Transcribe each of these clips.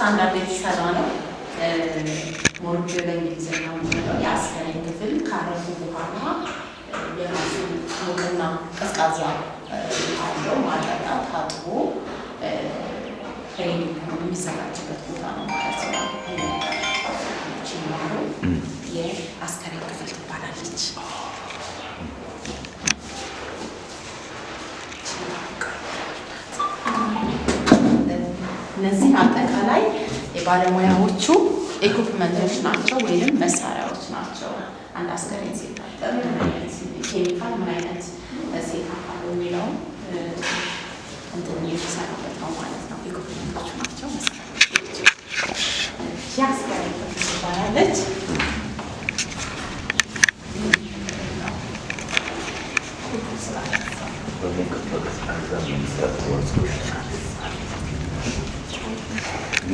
ስታንዳርድ የተሰራ ነው። ሞርጆ በእንግሊዝኛ ነው። የአስከሬን ክፍል ካረፉ በኋላ የራሱ ሞቅና ቀዝቃዛ አለው ማጠጣ ታጥቦ ሬዲ የሚዘጋጅበት ቦታ ነው ማለት ነው። የአስከሬን ክፍል ትባላለች። እነዚህ አጠቃላይ የባለሙያዎቹ ኢኩፕመንቶች ናቸው ወይም መሳሪያዎች ናቸው። አንድ አስከሬን ሲታጠብ ምን አይነት ኬሚካል ምን አይነት ሴት አካሉ የሚለውም እንትን የተሰራበት ነው ማለት ነው። ኢኩፕመንቶቹ ናቸው መሳሪያዎች። ያስከሬን ትባላለች።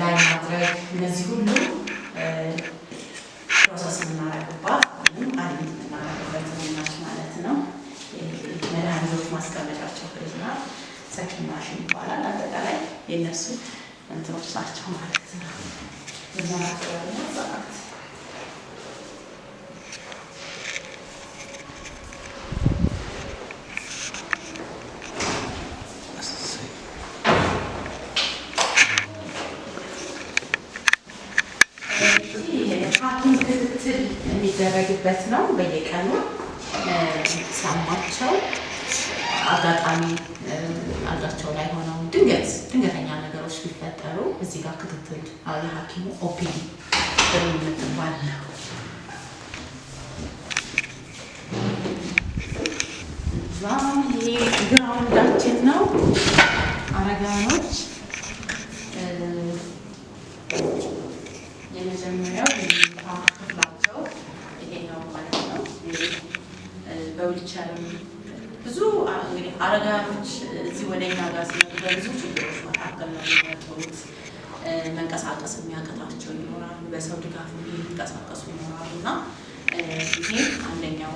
ላይ ማድረግ እነዚህ ሁሉ ፕሮሰስ የምናረግባት ወይም አድሚት የምናረግበት ናች ማለት ነው። መድኃኒቶች ማስቀመጫቸው ፍሪጅ ናት። ማሽን ይባላል። አጠቃላይ የእነሱ እንትኖች ናቸው ማለት ነው። ያማቸው አጋጣሚ አልጋቸው ላይ ሆነው ድንገት ድንገተኛ ነገሮች ቢፈጠሩ እዚህ ጋር ክትትል የሐኪሙ ኦፒዲ የምትባል ነው። ይሄ ግራውንዳችን ነው። በሰው ድጋፍ የሚንቀሳቀሱ ይኖራሉ እና ይሄ አንደኛው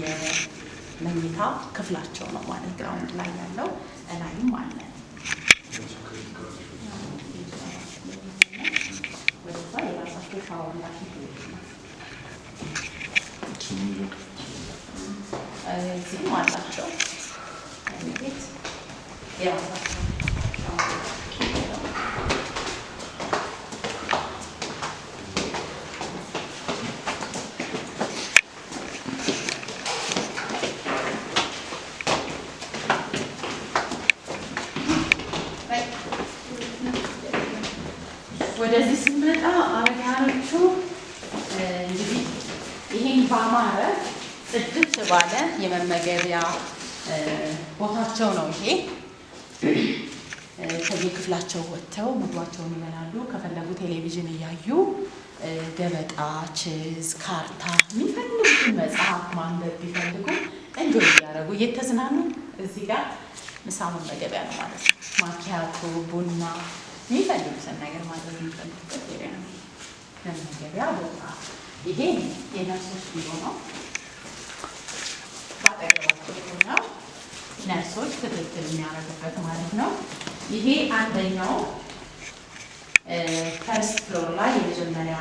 የመኝታ ክፍላቸው ነው ማለት ግራውንድ ላይ ያለው እላይም አለ። እዚህም አላቸው ቤት የራሳቸው ወደዚህ ስንመጣ አረጋኖቹ እንግዲህ ይሄን ባማረ ጽድት ባለ የመመገቢያ ቦታቸው ነው። ይሄ ከየክፍላቸው ወጥተው ምግባቸውን ይበላሉ። ከፈለጉ ቴሌቪዥን እያዩ ገበጣ፣ ችዝ፣ ካርታ የሚፈልጉትን መጽሐፍ ማንበብ ቢፈልጉ እንጆ እያደረጉ እየተዝናኑ እዚህ ጋር ምሳ መመገቢያ ነው ማለት ነው። ማኪያቶ፣ ቡና የሚፈልጉትን ነገር ማድረግ የሚፈልጉበት ሄሪያ ነው። መመገቢያ ቦታ ይሄ የነርሶች ቢሮ ነው። ባጠገባቸው ሆነ ነርሶች ክትትል የሚያደርጉበት ማለት ነው። ይሄ አንደኛው ፈርስት ፍሎር ላይ የመጀመሪያ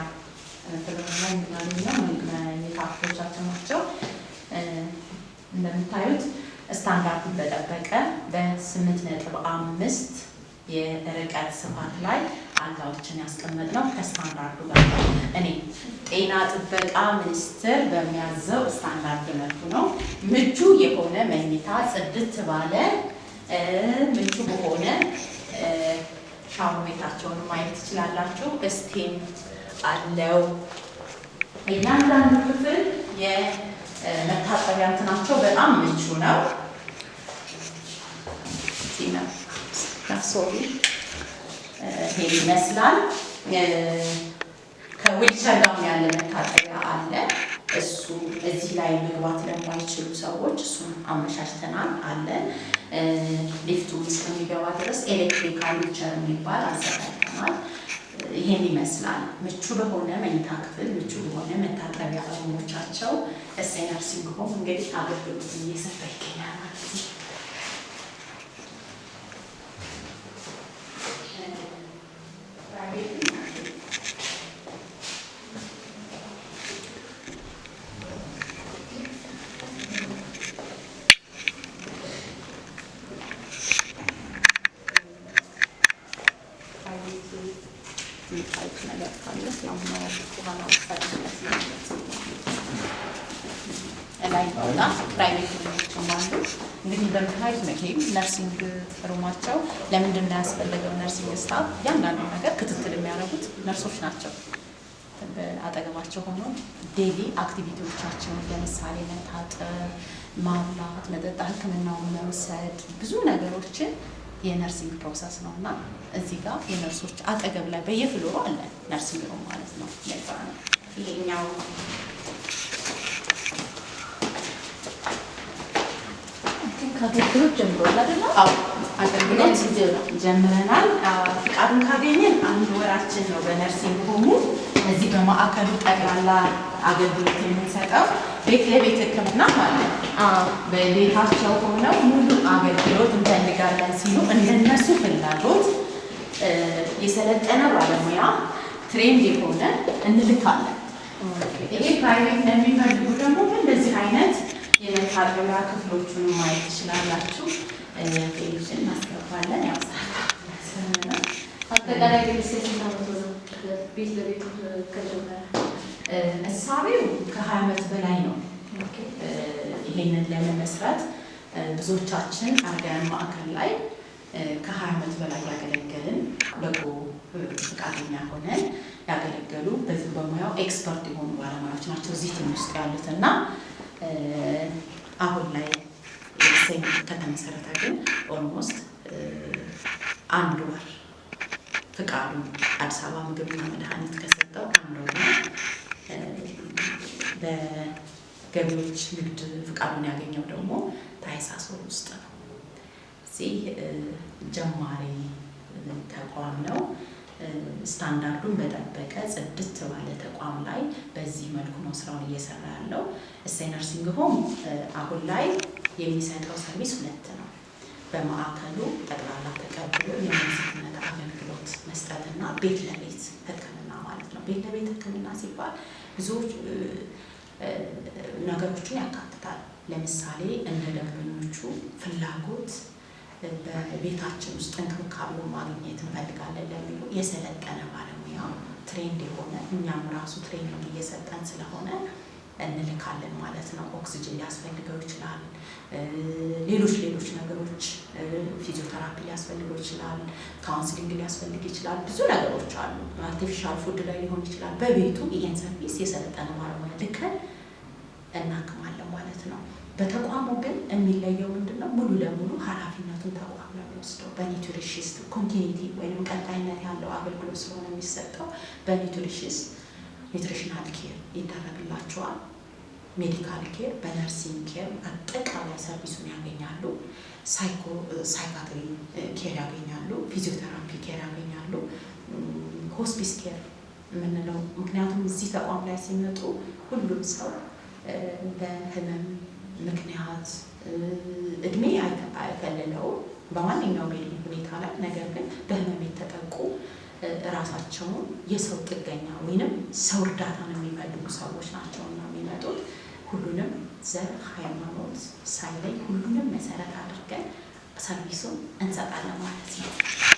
ፍሎር ላይ የምናገኘው መኝታ ናቸው እንደምታዩት ስታንዳርዱን በጠበቀ በ8.5 አምስት የርቀት ስፋት ላይ አልጋዎችን ያስቀመጥ ነው ከስታንዳርዱ ጋር እኔ ጤና ጥበቃ ሚኒስቴር በሚያዘው ስታንዳርድ መቱ ነው ምቹ የሆነ መኝታ ጽድት ባለ ምቹ በሆነ ሻወር ቤታቸውን ማየት ትችላላችሁ። እስቴም አለው እያንዳንዱ ክፍል መታጠቢያ እንትናቸው በጣም ምቹ ነው። ሶሪ ይሄ ይመስላል። ከዊልቸር ጋር ያለ መታጠቢያ አለ። እሱ እዚህ ላይ መግባት ለማይችሉ ሰዎች እሱን አመቻችተናል አለ። ሊፍቱ ውስጥ የሚገባ ድረስ ኤሌክትሪካል ዊልቸር የሚባል አዘጋጅተናል። ይሄን ይመስላል። ምቹ በሆነ መኝታ ክፍል ምቹ በሆነ መታጠቢያ ናቸው። ኤስ ኤን አርሲንግ ሆም እንግዲህ አገልግሎት እየሰጠ ይገኛል ማለት ነው። እና ፕራይቬት ክሊኒኮችም አሉ። እንግዲህ እንደምታዩት መቼም ነርሲንግ ሩማቸው ለምንድን ነው ያስፈለገው? ነርሲንግ ስታፍ እያንዳንዱ ነገር ክትትል የሚያደርጉት ነርሶች ናቸው። አጠገባቸው ሆኖ ዴሊ አክቲቪቲዎቻቸውን ለምሳሌ መታጠብ፣ ማብላት፣ መጠጣ፣ ሕክምናውን መውሰድ ብዙ ነገሮችን የነርሲንግ ፕሮሰስ ነው እና እዚህ ጋር የነርሶች አጠገብ ላይ በየፍሎሩ አለ ነርሲንግ ሩም ማለት ነው። ለዛ ነው ይሄኛው ከአገልግሎት ጀምሯል ጀምረናል። ፍቃዱን ካገኘን አንድ ወራችን ነው በነርሲንግ ሆሙ እዚህ በማዕከሉ ጠቅላላ አገልግሎት የምንሰጠው ቤት ለቤት ሕክምና ማለት በቤታቸው ሆነው ሙሉ አገልግሎት እንፈልጋለን ሲሉ እንደነሱ ፍላጎት የሰለጠነ ባለሙያ ትሬንድ የሆነ እንልካለን። ይሄ ፕራይቬት ለሚፈልጉ ደግሞ እንደዚህ አይነት የመታጠቢያ ክፍሎቹን ማየት ትችላላችሁ። ቴሌቪዥን እናስገባለን። ያው አጠቃላይ ዓመት እሳቤው ከሀያ ዓመት በላይ ነው። ይሄንን ለመመስረት ብዙዎቻችን አርጋያን ማዕከል ላይ ከሀያ ዓመት በላይ ያገለገልን በጎ ፈቃደኛ ሆነን ያገለገሉ በዚህ በሙያው ኤክስፐርት የሆኑ ባለሙያዎች ናቸው እዚህ ቲም ውስጥ ያሉት እና አሁን ላይ ሴም ከተመሰረተ ግን ኦልሞስት አንድ ወር ፍቃዱን አዲስ አበባ ምግብና መድኃኒት ከሰጠው አንድ ወር በገቢዎች ንግድ ፍቃዱን ያገኘው ደግሞ ታህሳስ ወር ውስጥ ነው። እዚህ ጀማሪ ተቋም ነው። ስታንዳርዱን በጠበቀ ጽድት ባለ ተቋም ላይ በዚህ መልኩ ነው ስራውን እየሰራ ያለው። እሰይ ነርሲንግ ሆም አሁን ላይ የሚሰጠው ሰርቪስ ሁለት ነው። በማዕከሉ ጠቅላላ ተቀብሎ የመንግስትነት አገልግሎት መስጠትና ቤት ለቤት ህክምና ማለት ነው። ቤት ለቤት ህክምና ሲባል ብዙ ነገሮችን ያካትታል። ለምሳሌ እንደ ደንበኞቹ ፍላጎት በቤታችን ውስጥ እንክብካቤ ማግኘት እንፈልጋለን ለሚሉ የሰለጠነ ባለሙያ ትሬንድ የሆነ እኛም ራሱ ትሬኒንግ እየሰጠን ስለሆነ እንልካለን ማለት ነው። ኦክሲጅን ሊያስፈልገው ይችላል። ሌሎች ሌሎች ነገሮች ፊዚዮተራፒ ሊያስፈልገው ይችላል። ካውንስሊንግ ሊያስፈልግ ይችላል። ብዙ ነገሮች አሉ። አርቲፊሻል ፉድ ላይ ሊሆን ይችላል። በቤቱ ይህን ሰርቪስ የሰለጠነ ባለሙያ ልከን እናክማለን ማለት ነው። በተቋሙ ግን የሚለየው ምንድነው? ሙሉ ለሙሉ ኃላፊነቱን ተቋም ነው የሚወስደው። በኒቱሪሽስት ኮንቲኒቲ ወይም ቀጣይነት ያለው አገልግሎት ስለሆነ የሚሰጠው በኒትሪሽስት ኒትሪሽናል ኬር ይደረግላቸዋል። ሜዲካል ኬር፣ በነርሲንግ ኬር አጠቃላይ ሰርቪሱን ያገኛሉ። ሳይካትሪ ኬር ያገኛሉ። ፊዚዮቴራፒ ኬር ያገኛሉ። ሆስፒስ ኬር የምንለው ምክንያቱም እዚህ ተቋም ላይ ሲመጡ ሁሉም ሰው በህመም። ምክንያት እድሜ አይከልለውም በማንኛውም የእድሜ ሁኔታ ላይ ነገር ግን በህመም የተጠቁ ራሳቸውን የሰው ጥገኛ ወይንም ሰው እርዳታ ነው የሚፈልጉ ሰዎች ናቸውና የሚመጡት ሁሉንም ዘር፣ ሃይማኖት ሳይለይ ሁሉንም መሰረት አድርገን ሰርቪሱን እንሰጣለን ማለት ነው።